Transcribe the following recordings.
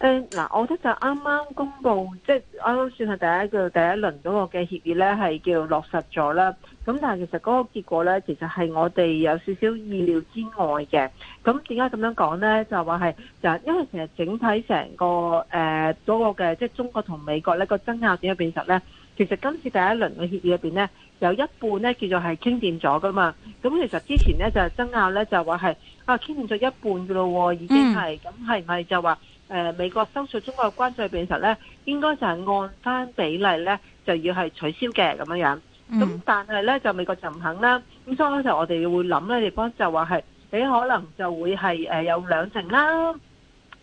誒，嗱，我覺得就啱啱公布，即係啱啱算係第一個第一輪嗰個嘅協議咧，係叫落實咗啦。咁但係其實嗰個結果咧，其實係我哋有少少意料之外嘅。咁點解咁樣講咧？就話係就因為其實整體成個誒嗰、呃那個嘅，即、就、係、是、中國同美國咧個爭拗點入變實咧？其實今次第一輪嘅協議入邊咧，有一半咧叫做係傾掂咗噶嘛。咁其實之前咧就係、是、爭拗咧，就話係啊傾掂咗一半噶咯，已經係咁係唔係就話？誒、呃，美國收取中國嘅關稅變實咧，應該就係按翻比例咧，就要係取消嘅咁樣樣。咁、嗯、但係咧，就美國就唔肯啦。咁所以咧，我哋會諗咧，亦方，就話係，你可能就會係誒、呃、有兩成啦，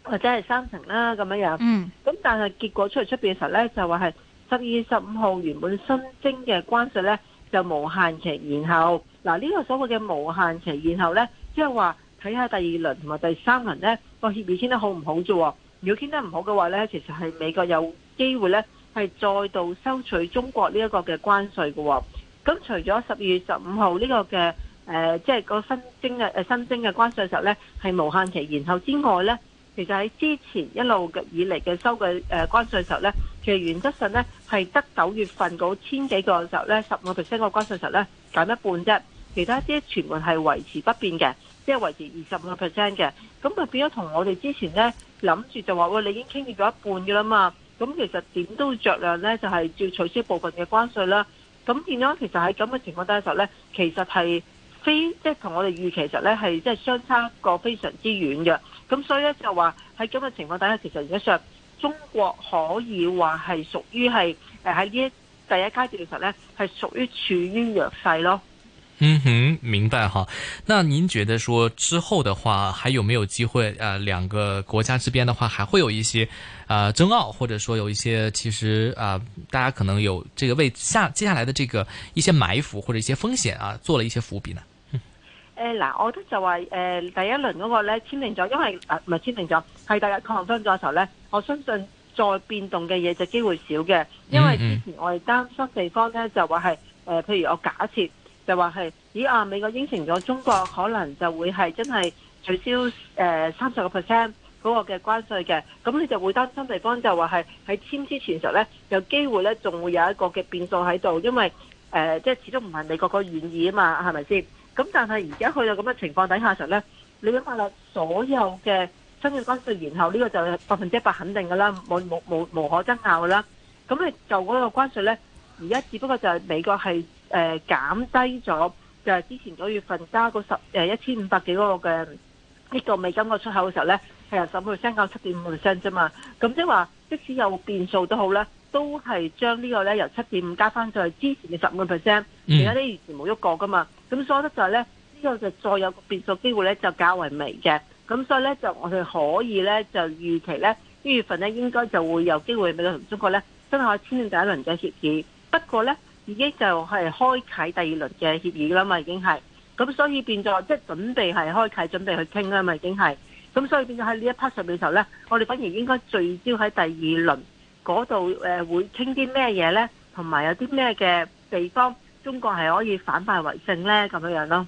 或者係三成啦咁樣樣。咁、嗯、但係結果出嚟出邊實咧，就話係十二月十五號原本新增嘅關稅咧，就無限期。然後嗱、呢、這個所謂嘅無限期，然後咧，即係話睇下第二輪同埋第三輪咧。個協議傾得好唔好啫、啊？如果傾得唔好嘅話呢，其實係美國有機會呢，係再度收取中國呢一個嘅關稅嘅、啊。咁除咗十二月十五號呢個嘅誒，即、呃、係、就是、個新增嘅誒新增嘅關稅嘅時候呢，係無限期延後之外呢，其實喺之前一路以嚟嘅收嘅誒關稅嘅時候呢，其實原則上呢，係得九月份嗰千幾個時候呢，十五個 percent 嘅關稅時候呢，減一半啫，其他啲全部係維持不變嘅。即係維持二十五個 percent 嘅，咁就變咗同我哋之前咧諗住就話，喂，你已經傾議咗一半嘅啦嘛，咁其實點都着量咧，就係要取消部分嘅關稅啦。咁變咗其實喺咁嘅情況底下，實咧其實係非即係同我哋預期，其實咧係即係相差個非常之遠嘅。咁所以咧就話喺咁嘅情況底下，其實而家上中國可以話係屬於係誒喺呢一第一階段實咧係屬於處於弱勢咯。嗯哼，明白哈。那您覺得說之後的話，還有沒有機會？啊、呃，兩個國家之邊的話，還會有一些啊、呃、爭拗，或者說有一些，其實啊、呃，大家可能有這個為下接下來的這個一些埋伏或者一些風險啊，做了一些伏筆呢？誒、呃、嗱，我覺得就話誒、呃、第一輪嗰個咧簽訂咗，因為唔係、呃、簽訂咗，係大家抗衡分咗嘅時候咧，我相信再變動嘅嘢就機會少嘅，因為之前我哋擔心地方咧就話係誒，譬如我假設。就話係咦啊！美國應承咗中國，可能就會係真係取消誒三十個 percent 嗰個嘅關稅嘅，咁你就會擔心地方就話係喺簽之前實呢有機會呢仲會有一個嘅變數喺度，因為誒即係始終唔係美國個願意啊嘛，係咪先？咁但係而家去到咁嘅情況底下實呢你諗下啦，所有嘅雙向關稅，然後呢個就百分之一百肯定㗎啦無，冇冇冇無可爭拗㗎啦。咁你就嗰個關稅呢，而家只不過就係美國係。誒、呃、減低咗，就係、是、之前九月份加嗰十誒、呃、一千五百幾個嘅呢個美金嘅出口嘅時候咧，係由十五 percent 到七點五 percent 啫嘛。咁即係話，即使有變數都好咧，都係將個呢個咧由七點五加翻上去之前嘅十五 percent，而家呢完全冇喐過噶嘛。咁所以咧就係咧，呢、這個就再有個變數機會咧就較為微嘅。咁所以咧就我哋可以咧就預期咧呢月份咧應該就會有機會美國同中國咧真係可以簽訂第一輪嘅協議，不過咧。已經就係開啓第二輪嘅協議啦嘛，已經係，咁所以變咗即係準備係開啓，準備去傾啦嘛，已經係，咁所以變咗喺呢一 part 上面時候咧，我哋反而應該聚焦喺第二輪嗰度，誒，會傾啲咩嘢咧，同埋有啲咩嘅地方中國係可以反敗為勝咧，咁樣樣咯。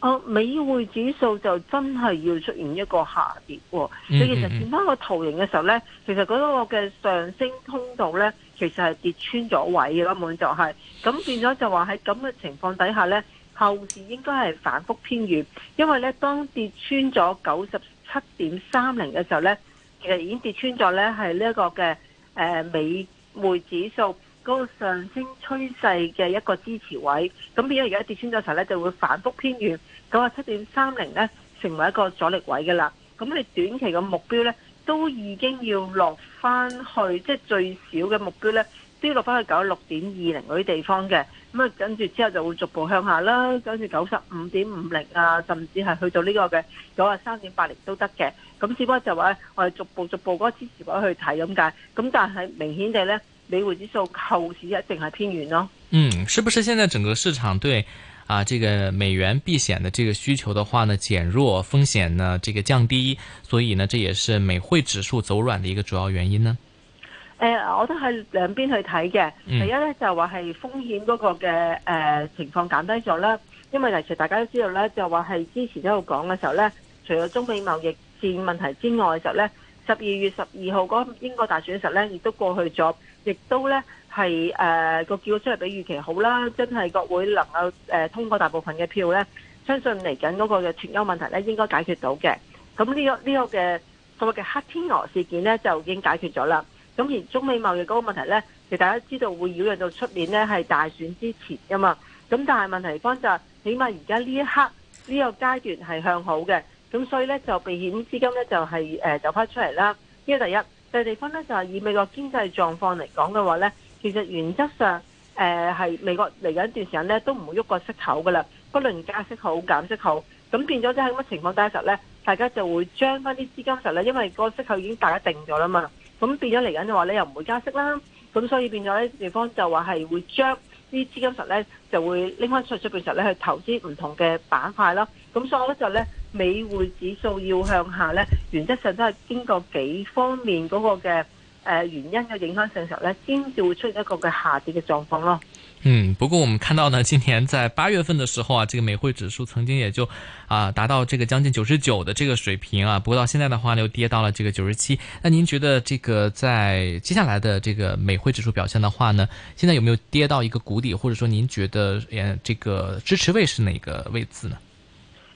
哦，美匯指數就真係要出現一個下跌喎，哦嗯。你其實見翻個圖形嘅時候呢，其實嗰個嘅上升通道呢，其實係跌穿咗位嘅啦，根本就係、是。咁變咗就話喺咁嘅情況底下呢，後市應該係反覆偏遠，因為呢，當跌穿咗九十七點三零嘅時候呢，其實已經跌穿咗呢係呢一個嘅誒、呃、美匯指數。嗰個上升趨勢嘅一個支持位，咁變咗而家跌穿咗時候咧，就會反覆偏軟。九啊七點三零咧，成為一個阻力位噶啦。咁你短期嘅目標咧，都已經要落翻去，即係最少嘅目標咧，都要落翻去九啊六點二零嗰啲地方嘅。咁啊，跟住之後就會逐步向下啦，跟住九十五點五零啊，甚至係去到呢個嘅九啊三點八零都得嘅。咁只不過就話我哋逐步逐步嗰個支持位去睇咁解。咁但係明顯地咧。美匯指數後市一定係偏軟咯。嗯，是不是現在整個市場對啊，這個美元避險的這個需求的話呢減弱，風險呢這個降低，所以呢這也是美匯指數走軟的一個主要原因呢？誒、呃，我都係兩邊去睇嘅。第一咧、嗯、就話係風險嗰個嘅誒、呃、情況減低咗啦，因為其實大家都知道咧，就話係之前一路講嘅時候咧，除咗中美貿易戰問題之外嘅時候咧，十二月十二號嗰個英國大選實咧亦都過去咗。亦都咧係誒個叫出嚟比預期好啦，真係各會能夠誒、呃、通過大部分嘅票咧，相信嚟緊嗰個嘅全優問題咧應該解決到嘅。咁呢、這個呢、這個嘅所嘅黑天鵝事件咧就已經解決咗啦。咁而中美貿易嗰個問題咧，其實大家知道會擾亂到出面呢係大選之前噶嘛。咁但係問題方就係、是，起碼而家呢一刻呢、這個階段係向好嘅，咁所以咧就避險資金咧就係誒走翻出嚟啦。呢個第一。第二地方咧就係、是、以美國經濟狀況嚟講嘅話咧，其實原則上誒係、呃、美國嚟緊一段時間咧都唔會喐個息口噶啦，不論加息好減息好，咁變咗即係咁嘅情況底下實咧，大家就會將翻啲資金實咧，因為個息口已經大家定咗啦嘛，咁變咗嚟緊嘅話咧又唔會加息啦，咁所以變咗咧地方就話係會將啲資金實咧就會拎翻出出邊實咧去投資唔同嘅板塊啦，咁所以呢就咧。美匯指數要向下呢，原則上都係經過幾方面嗰個嘅誒、呃、原因嘅影響上時候呢，先至會出一個嘅下跌嘅狀況咯。嗯，不過我們看到呢，今年在八月份的時候啊，這個美匯指數曾經也就啊達到這個將近九十九的這個水平啊，不過到現在的話呢又跌到了這個九十七。那您覺得這個在接下來的這個美匯指數表現的話呢，現在有沒有跌到一個谷底，或者說您覺得誒這個支持位是哪個位置呢？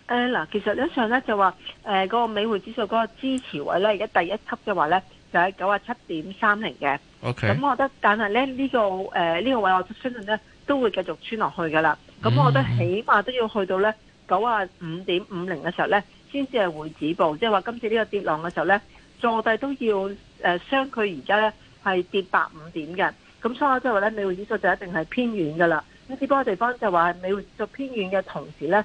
誒嗱，其實呢上咧就話，誒、呃、嗰、那個美匯指數嗰個支持位咧，而家第一級嘅話咧，就喺九啊七點三零嘅。O K。咁我覺得，但係咧呢、這個誒呢、呃這個位，我相信咧都會繼續穿落去噶啦。咁、mm-hmm. 我覺得起碼都要去到咧九啊五點五零嘅時候咧，先至係會止步。即係話今次呢個跌浪嘅時候咧，坐底都要誒、呃，相佢而家咧係跌八五點嘅。咁所以話即係話咧，美匯指數就一定係偏遠噶啦。咁止步嘅地方就話係美匯指數偏遠嘅同時咧。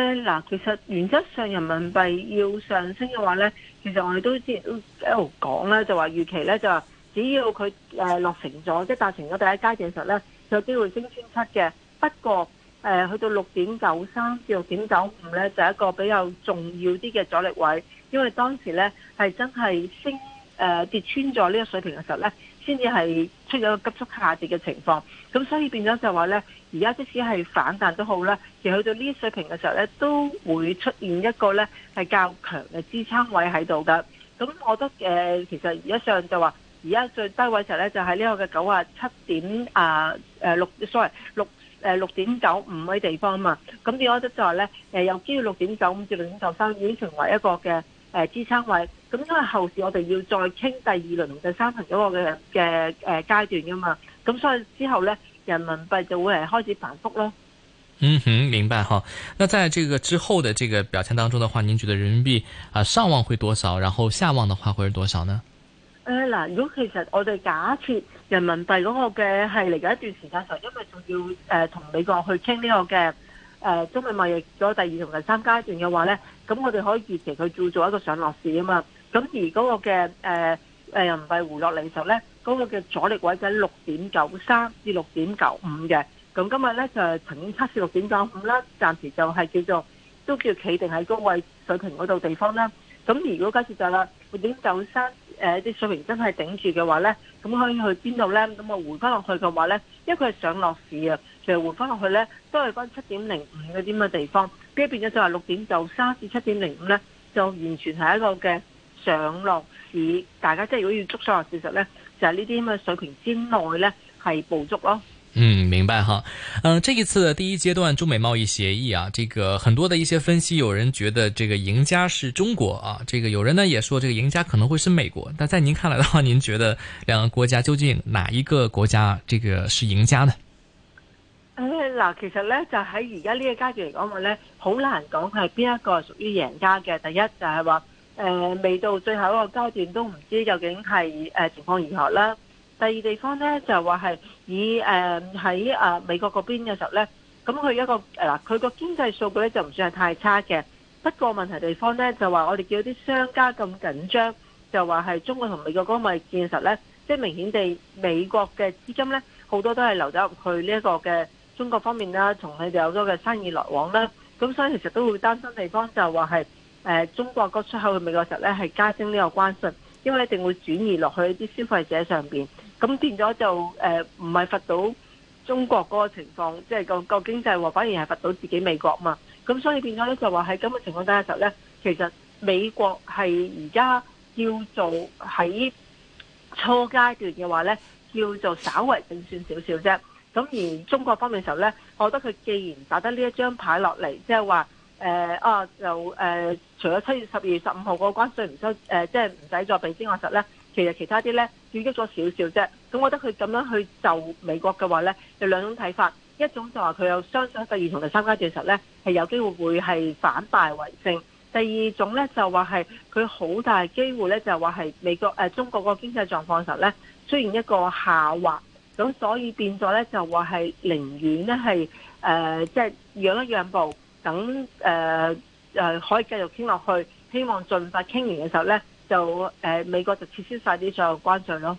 嗱，其實原則上人民幣要上升嘅話咧，其實我哋都之前一路講咧，就話預期咧就話，只要佢誒落成咗，即係達成咗第一階段嘅時候咧，有機會升穿七嘅。不過誒、呃，去到六點九三至六點九五咧，就係一個比較重要啲嘅阻力位，因為當時咧係真係升誒、呃、跌穿咗呢個水平嘅時候咧。先至係出咗急速下跌嘅情況，咁所以變咗就話咧，而家即使係反彈都好啦，其實去到呢啲水平嘅時候咧，都會出現一個咧係較強嘅支撐位喺度嘅。咁我覺得誒，其實而家上就話，而家最低位的時候咧，就喺呢個嘅九啊七點啊誒六，sorry 六誒六點九五嘅地方啊嘛。咁變咗就話咧，誒，有機會六點九五至六點九三已經成為一個嘅。誒、呃，支撐位咁，嗯，因為後市我哋要再傾第二輪同第三輪嗰個嘅嘅誒階段噶嘛，咁，嗯，所以之後咧，人民幣就會係開始反覆咯。嗯哼，嗯，明白哈。那在這個之後的這個表現當中的話，您覺得人民幣啊，呃，上望會多少，然後下望的話會是多少呢？誒、呃，嗱，如果其實我哋假設人民幣嗰個嘅係嚟緊一段時間上，因為仲要誒同，呃，美國去傾呢個嘅。誒中美貿易咗第二同第三階段嘅話咧，咁我哋可以預期佢做做一個上落市啊嘛。咁而嗰個嘅誒誒唔係回落離售咧，嗰個嘅阻力位就係六點九三至六點九五嘅。咁今日咧就曾經測試六點九五啦，暫時就係叫做都叫企定喺高位水平嗰度地方啦。咁如果假設就啦，六點九三。誒啲水平真係頂住嘅話咧，咁可以去邊度咧？咁啊回翻落去嘅話咧，因為佢係上落市啊，其實回翻落去咧都係翻七點零五嗰啲咁嘅地方，跟住變咗就係六點九三至七點零五咧，就完全係一個嘅上落市。大家即係如果要捉上落事實咧，就係呢啲咁嘅水平之內咧係捕捉咯。嗯，明白哈，嗯、呃，這一次的第一階段中美貿易協議啊，這個很多的一些分析，有人覺得這個贏家是中國啊，這個有人呢也說這個贏家可能會是美國，但在您看來的話，您覺得兩個國家究竟哪一個國家這個是贏家呢？誒，嗱，其實呢，就喺而家呢個階段嚟講話呢，好難講係邊一個屬於贏家嘅。第一就係話，誒、呃，未到最後一個階段都唔知究竟係誒、呃、情況如何啦。第二地方呢，就話係以誒喺啊美國嗰邊嘅時候呢，咁佢一個嗱佢個經濟數據呢，就唔算係太差嘅，不過問題地方呢，就話我哋見到啲商家咁緊張，就話係中國同美國嗰個貿易戰實呢，即係明顯地美國嘅資金呢，好多都係流走入去呢一個嘅中國方面啦，同佢哋有多嘅生意來往啦，咁所以其實都會擔心地方就話係誒中國嗰出口去美國實呢，係加升呢個關稅，因為一定會轉移落去啲消費者上邊。咁變咗就誒，唔係罰到中國嗰個情況，即係個個經濟喎，反而係罰到自己美國嘛。咁所以變咗咧，就話喺咁嘅情況底下嘅時候咧，其實美國係而家叫做喺初階段嘅話咧，叫做稍微勝算少少啫。咁而中國方面嘅時候咧，我覺得佢既然打得呢一張牌落嚟、呃，即係話誒，就、呃、除咗七月十二月十五號個關稅，稅唔收即係唔使再俾之外，實咧。其實其他啲咧要喐咗少少啫，咁我覺得佢咁樣去就美國嘅話咧，有兩種睇法。一種就話佢有相信第二同第三階段嘅時候咧，係有機會會係反敗為勝。第二種咧就話係佢好大機會咧，就話係美國、啊、中國個經濟狀況時候咧出現一個下滑，咁所以變咗咧就話係寧願咧係誒即係讓一讓步，等誒、呃、可以繼續傾落去，希望盡快傾完嘅時候咧。就誒美國就撤銷曬啲所有關稅咯。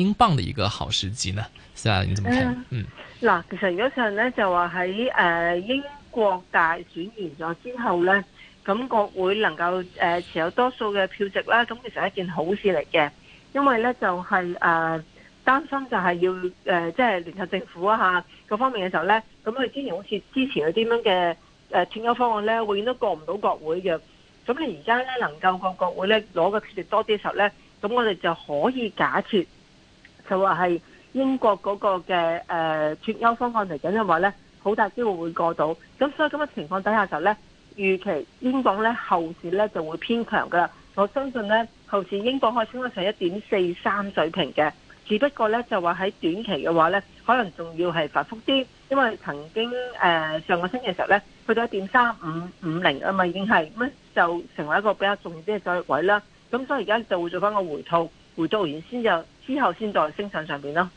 英鎊嘅一個好時機呢？夏，你怎麼睇？嗯，嗱，其實如果上呢就話喺誒英國大選完咗之後呢，咁國會能夠誒、呃、持有多數嘅票值啦，咁其實係一件好事嚟嘅，因為呢就係、是、誒、呃、擔心就係要誒、呃、即係聯合政府啊吓，各、啊、方面嘅時候呢，咁佢之前好似支持嗰啲咁嘅誒脫歐方案呢，永遠都過唔到國會嘅，咁你而家呢，能夠個國會呢攞個票值多啲嘅時候呢，咁我哋就可以假設。就話係英國嗰個嘅誒脫歐方案嚟緊的話呢，又話咧好大機會會過到咁，所以咁嘅情況底下就咧預期英鎊咧後市咧就會偏強噶啦。我相信咧後市英鎊可以升翻上一點四三水平嘅，只不過咧就話喺短期嘅話咧可能仲要係反覆啲，因為曾經誒、呃、上個星期嘅時候咧去到一點三五五零啊嘛，已經係咁就成為一個比較重要啲嘅阻力位啦。咁所以而家就會做翻個回吐回到原先就。之後先再升上上邊咯。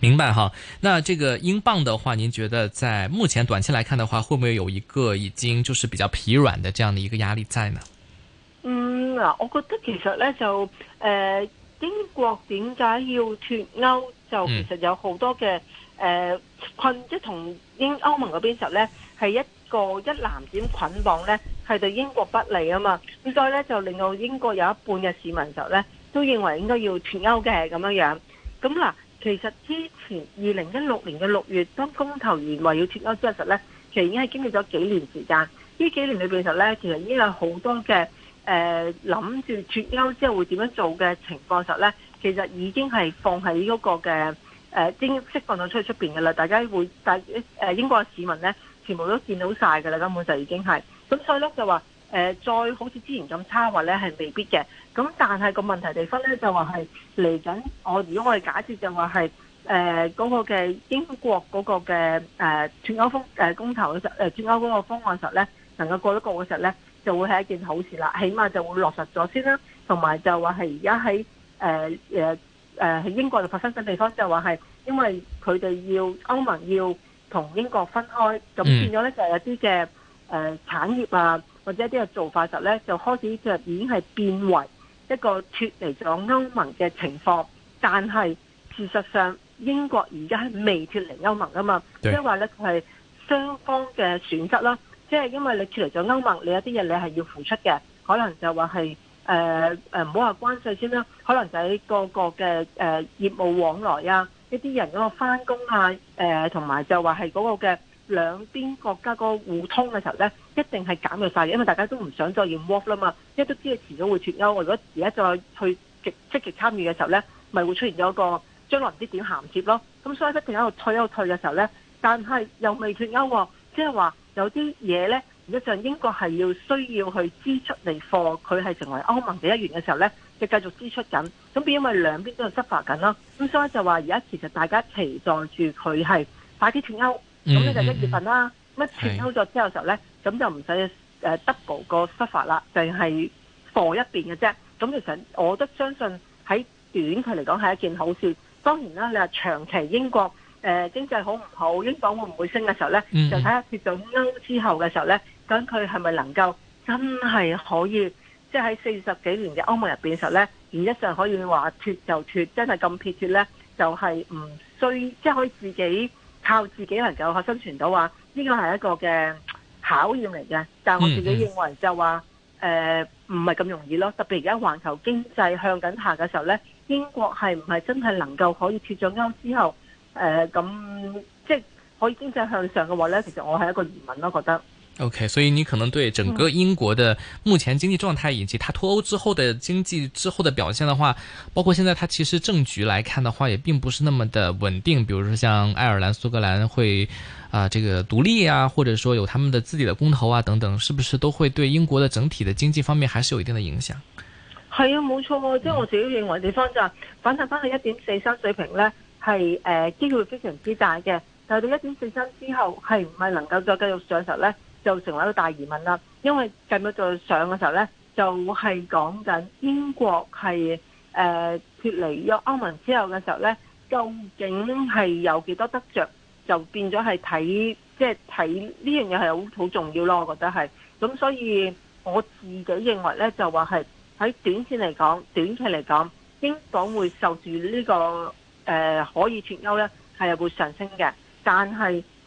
明白哈，那這個英鎊的話，您覺得在目前短期來看的話，會唔會有一個已經就是比較疲軟的這樣的一個壓力在呢？嗯嗱，我覺得其實呢就誒、呃，英國點解要脱歐就其實有好多嘅誒困，即係同英歐盟嗰邊時候咧係一個一籃子捆綁咧係對英國不利啊嘛，咁所以咧就令到英國有一半嘅市民就咧。都認為應該要脫歐嘅咁樣樣，咁嗱，其實之前二零一六年嘅六月，當公投完話要脫歐之後實咧，其實已經係經歷咗幾年時間。呢幾年裏邊實咧，其實已經有好多嘅誒諗住脫歐之後會點樣做嘅情況實咧，其實已經係放喺嗰個嘅誒經釋放到出出邊噶啦，大家會大誒英國市民咧，全部都見到晒噶啦，根本就已經係。咁所以囉就話。誒、呃、再好似之前咁差呢，或咧係未必嘅。咁但係個問題地方咧就話係嚟緊。我如果我哋假設就話係誒嗰個嘅英國嗰個嘅誒脫歐方誒、呃、公投嘅時候，脫、呃、歐嗰個方案實咧能夠過得過嘅時候咧，就會係一件好事啦。起碼就會落實咗先啦。同埋就話係而家喺誒誒喺英國度發生緊地方就，就話係因為佢哋要歐盟要同英國分開，咁變咗咧就係有啲嘅誒產業啊。或者一啲嘅做法時候咧，就開始就已經係變為一個脱離咗歐盟嘅情況。但係事實上，英國而家係未脱離歐盟啊嘛，即係話咧佢係雙方嘅選擇啦。即係因為你脱離咗歐盟，你有啲嘢你係要付出嘅，可能就話係誒誒唔好話關稅先啦，可能就喺個個嘅誒業務往來啊，一啲人嗰、呃、個翻工啊，誒同埋就話係嗰個嘅兩邊國家、嗰個互通嘅時候咧。一定係減咗晒嘅，因為大家都唔想再要 walk 啦嘛，因為都知道遲早會脱歐。如果而家再去極積極參與嘅時候咧，咪會出現咗一個將來唔知點銜接咯。咁所以不斷喺度退又退嘅時候咧，但係又未脱歐，即係話有啲嘢咧，而家就英國係要需要去支出嚟貨，佢係成為歐盟嘅一員嘅時候咧，就繼續支出緊。咁變因為兩邊都喺度執法緊啦，咁所以就話而家其實大家期待住佢係快啲脱歐。咁、嗯、呢、嗯、就一月份啦，咁脱歐咗之後嘅時候咧？咁就唔使誒 double 個執法啦，就係放一邊嘅啫。咁其實我都相信喺短佢嚟講係一件好事。當然啦，你話長期英國誒、呃、經濟好唔好，英鎊會唔會升嘅時候咧、嗯嗯，就睇下脱咗歐之後嘅時候咧，咁佢係咪能夠真係可以即係喺四十幾年嘅歐盟入邊嘅時候咧，原則上可以話脱就脱，真係咁撇脱咧，就係唔需即係可以自己靠自己能夠可生存到話，應該係一個嘅。考驗嚟嘅，但係我自己認為就話，誒唔係咁容易咯。特別而家環球經濟向緊下嘅時候呢，英國係唔係真係能夠可以脱咗歐之後，誒、呃、咁即係可以經濟向上嘅話呢，其實我係一個疑問咯，覺得。OK，所以你可能對整個英國的目前經濟狀態以及它脫歐之後的經濟之後的表現的話，包括現在它其實政局來看的話，也並不是那麼的穩定。比如說像愛爾蘭、蘇格蘭會啊、呃，這個獨立啊，或者說有他們的自己的公投啊等等，是不是都會對英國的整體的經濟方面還是有一定的影響？係啊，冇錯，嗯、即係我自己認為嚟講就反彈翻去一點四三水平呢，係誒、呃、機會非常之大嘅。但係到一點四三之後，係唔係能夠再繼續上實呢？就成為了一個大疑問啦，因為近冇在上嘅時候咧，就係講緊英國係誒脫離咗歐盟之後嘅時候咧，究竟係有幾多得着，就變咗係睇，即係睇呢樣嘢係好好重要咯，我覺得係。咁所以我自己認為咧，就話係喺短線嚟講，短期嚟講，英鎊會受住呢個誒可以脫歐咧，係會上升嘅，但係。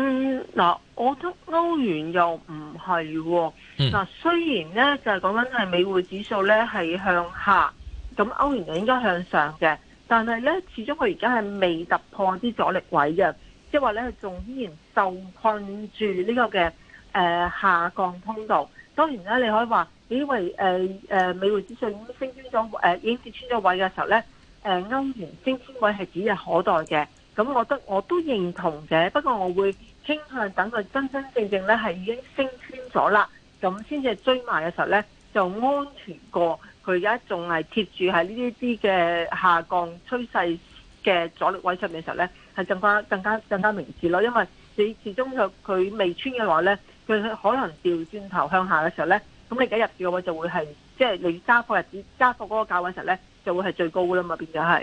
嗯，嗱，我覺得歐元又唔係喎。嗱、嗯，雖然咧就係講緊係美匯指數咧係向下，咁歐元就應該向上嘅。但係咧，始終佢而家係未突破啲阻力位嘅，即係話咧佢仲依然受困住呢個嘅誒下降通道。當然呢，你可以話，因為誒誒美匯指數已經升咗誒已經跌穿咗位嘅時候咧，誒歐元升穿位係指日可待嘅。咁我覺得我都認同嘅，不過我會，傾向等佢真真正正咧係已經升穿咗啦，咁先至追買嘅時候咧就安全過。佢而家仲係貼住喺呢啲啲嘅下降趨勢嘅阻力位上面嘅時候咧係更加更加更加明智咯，因為你始終佢未穿嘅話咧，佢可能掉轉頭向下嘅時候咧，咁你而家入市嘅話，就會係即係你揸貨日子揸貨嗰個價位時候咧就會係最高噶啦嘛，變咗係。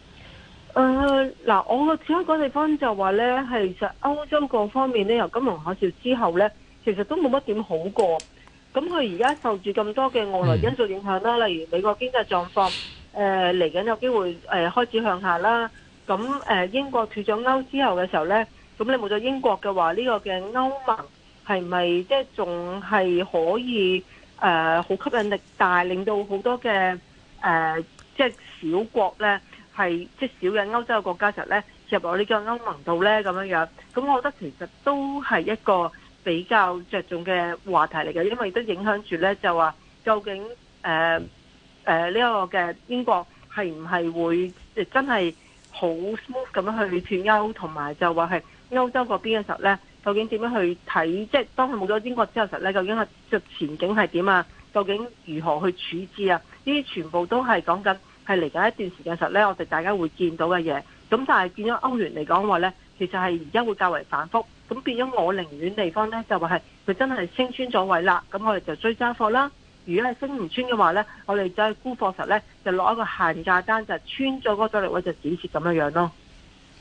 嗱、呃，我嘅只一個地方就話呢，係其實歐洲各方面呢，由金融海嘯之後呢，其實都冇乜點好過。咁佢而家受住咁多嘅外來因素影響啦、嗯，例如美國經濟狀況誒嚟緊有機會誒、呃、開始向下啦。咁誒、呃，英國脫咗歐之後嘅時候呢，咁你冇咗英國嘅話，呢、這個嘅歐盟係咪即係仲係可以誒好、呃、吸引力大，令到好多嘅誒即係小國呢？係即少嘅歐洲嘅國家就咧入我叫歐道呢個歐盟度咧咁樣樣，咁我覺得其實都係一個比較着重嘅話題嚟嘅，因為都影響住咧就話究竟誒誒呢個嘅英國係唔係會真係好 smooth 咁樣去脫歐，同埋就話係歐洲嗰邊嘅時候咧，究竟點、呃呃這個、樣去睇？即係當佢冇咗英國之後時候咧，究竟個即前景係點啊？究竟如何去處置啊？呢啲全部都係講緊。係嚟緊一段時間，實咧我哋大家會見到嘅嘢，咁但係變咗歐元嚟講話咧，其實係而家會較為反覆，咁變咗我寧願地方咧就話係佢真係升穿咗位啦，咁我哋就追揸貨啦。如果係升唔穿嘅話咧，我哋就係沽貨實咧就落一個限價單，就穿咗嗰阻力位就止蝕咁樣樣咯。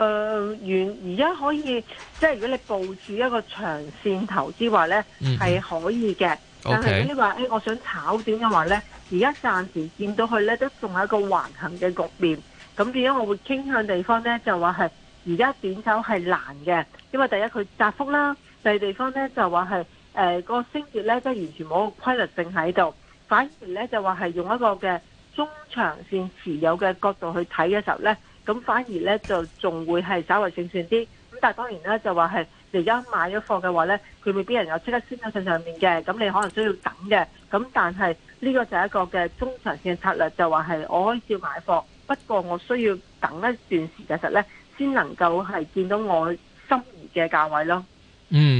誒、呃，原而家可以，即係如果你部署一個長線投資話呢，係、嗯、可以嘅。Okay. 但係如果你話誒，我想炒點嘅話呢，而家暫時見到佢呢，都仲係一個橫行嘅局面。咁點解我會傾向地方呢？就話係而家點炒係難嘅，因為第一佢窄幅啦，第二地方呢，就話係誒個升跌呢，即係完全冇個規律性喺度，反而呢，就話係用一個嘅中長線持有嘅角度去睇嘅時候呢。咁反而咧就仲會係稍微正算啲，咁但係當然咧就話係你而家買咗貨嘅話咧，佢未必人有即刻先喺上上面嘅，咁你可能需要等嘅。咁但係呢個就係一個嘅中長線嘅策略，就話係我可以照買貨，不過我需要等一段時間實咧，先能夠係見到我心儀嘅價位咯。嗯。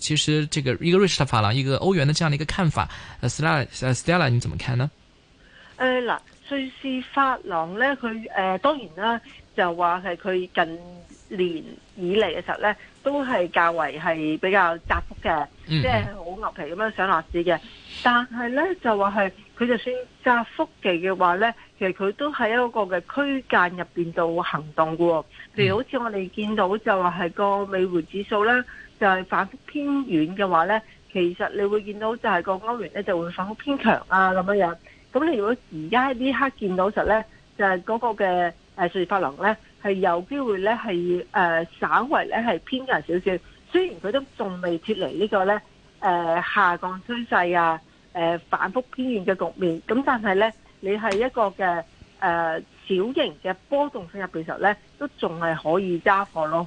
其實這個一個瑞士的法郎，一個歐元的這樣的一個看法，呃、啊、，Stella，你怎麼看呢？誒、呃、嗱，瑞士法郎咧，佢誒、呃、當然啦，就話係佢近年以嚟嘅時候咧，都係較為係比較窄幅嘅，即係好牛皮咁樣上落市嘅、嗯。但係咧就話係佢就算窄幅嘅話咧，其實佢都喺一個嘅區間入邊度行動嘅、哦。譬如好似我哋見到就話係個美匯指數咧。就係、是、反覆偏軟嘅話咧，其實你會見到就係個歐元咧就會反覆偏強啊咁樣樣。咁你如果而家呢刻見到實咧，就係嗰個嘅誒瑞士法郎咧係有機會咧係誒稍微咧係偏強少少。雖然佢都仲未脫離呢個咧誒下降趨勢啊誒反覆偏軟嘅局面。咁但係咧，你係一個嘅誒小型嘅波動出入嘅時候咧，都仲係可以揸貨咯。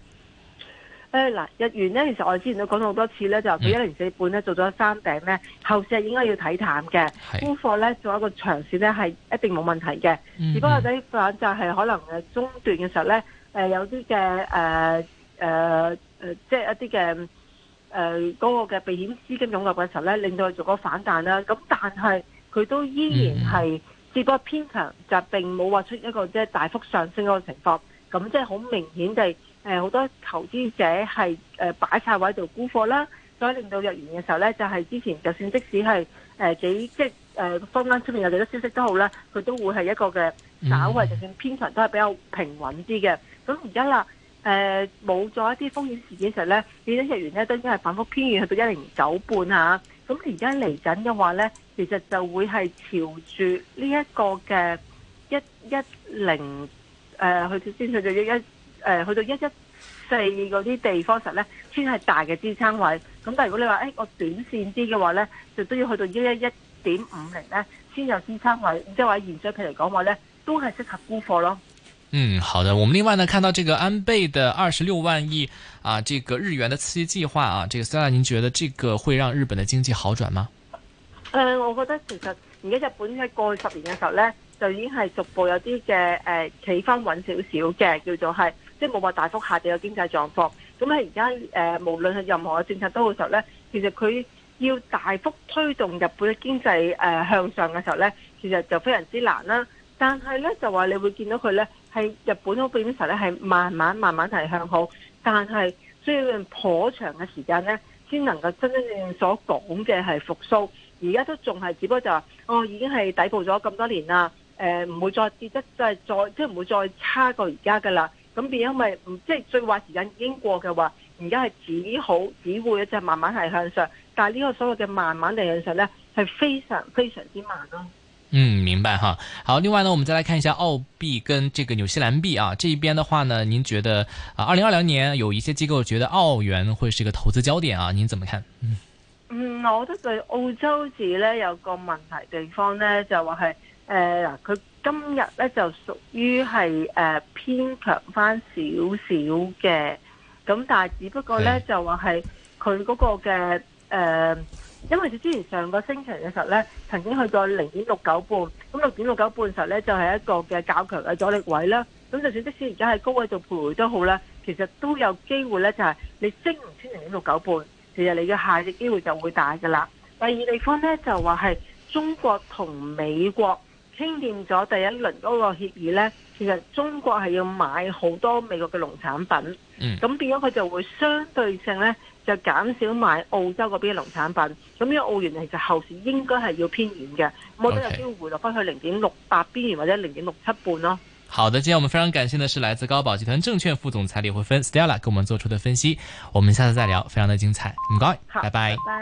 誒嗱，日元咧，其實我哋之前都講咗好多次咧，就係佢一零四半咧做咗三頂咧，後市應該要睇淡嘅，沽貨咧做一個長線咧係一定冇問題嘅，只不過你反就係可能誒中段嘅時候咧，誒有啲嘅誒誒即係一啲嘅誒嗰個嘅避險資金湧入嘅時候咧，令到佢做個反彈啦。咁但係佢都依然係、嗯嗯、只不過偏強就並冇話出一個即係大幅上升嗰個情況，咁即係好明顯地。誒、呃、好多投資者係誒、呃、擺晒位度沽貨啦，所以令到日元嘅時候咧，就係、是、之前就算即使係誒幾即誒坊間出面有幾多消息都好啦，佢都會係一個嘅稍為、嗯，就算偏強都係比較平穩啲嘅。咁而家啦，誒冇咗一啲風險事件嘅時候咧，見到日元咧，都已經係反覆偏遠去到一零九半下。咁而家嚟緊嘅話咧，其實就會係朝住呢一個嘅一一零誒去先，去就一一。誒、呃、去到一一四嗰啲地方實咧，先係大嘅支撐位。咁但係如果你話誒、哎、我短線啲嘅話咧，就都要去到一一一點五零咧，先有支撐位。即係話現將佢嚟講話咧，都係適合沽貨咯。嗯，好的。我們另外呢，看到這個安倍的二十六萬億啊，這個日元嘅刺激計劃啊，這個，孫亞，您覺得這個會讓日本嘅經濟好轉嗎？誒、呃，我覺得其實而家日本喺過去十年嘅時候咧，就已經係逐步有啲嘅誒企翻穩少少嘅，叫做係。即係冇話大幅下跌嘅經濟狀況，咁喺而家誒，無論係任何嘅政策都好，時候咧，其實佢要大幅推動日本嘅經濟誒向上嘅時候咧，其實就非常之難啦。但係咧就話你會見到佢咧係日本嗰邊時候咧係慢慢慢慢係向好，但係需要用頗長嘅時間咧先能夠真真正正所講嘅係復甦。而家都仲係只不過就話，哦，已經係底部咗咁多年啦，誒唔會再跌得即係再即係唔會再差過而家㗎啦。咁變咗咪，即係最壞時間已經過嘅話，而家係只好只會一直慢慢係向上，但係呢個所謂嘅慢慢嚟向上咧，係非常非常之慢咯。嗯，明白哈。好，另外呢，我們再來看一下澳幣跟這個紐西蘭幣啊，這一邊的話呢，您覺得啊，二零二零年有一些機構覺得澳元會是一個投資焦點啊，您怎麼看？嗯，我覺得對澳洲紙咧有個問題地方咧，就話係誒嗱佢。今日咧就屬於係偏強翻少少嘅，咁但係只不過咧就話係佢嗰個嘅誒、呃，因為佢之前上個星期嘅時候咧，曾經去到零點六九半，咁六點六九半嘅時候咧就係、是、一個嘅較強嘅阻力位啦。咁就算即使而家係高位度徘徊都好啦，其實都有機會咧就係、是、你升唔穿零點六九半，其實你嘅下跌機會就會大噶啦。第二地方咧就話係中國同美國。傾掂咗第一輪嗰個協議咧，其實中國係要買好多美國嘅農產品，咁變咗佢就會相對性咧就減少買澳洲嗰邊嘅農產品，咁呢個澳元其實後市應該係要偏軟嘅，冇、okay. 得有機會回落翻去零點六八邊緣或者零點六七半咯、哦。好的，今天我們非常感謝的是來自高寶集團證券副總裁李慧芬 Stella 給我們做出的分析，我們下次再聊，非常的精彩，唔該，拜拜。拜拜。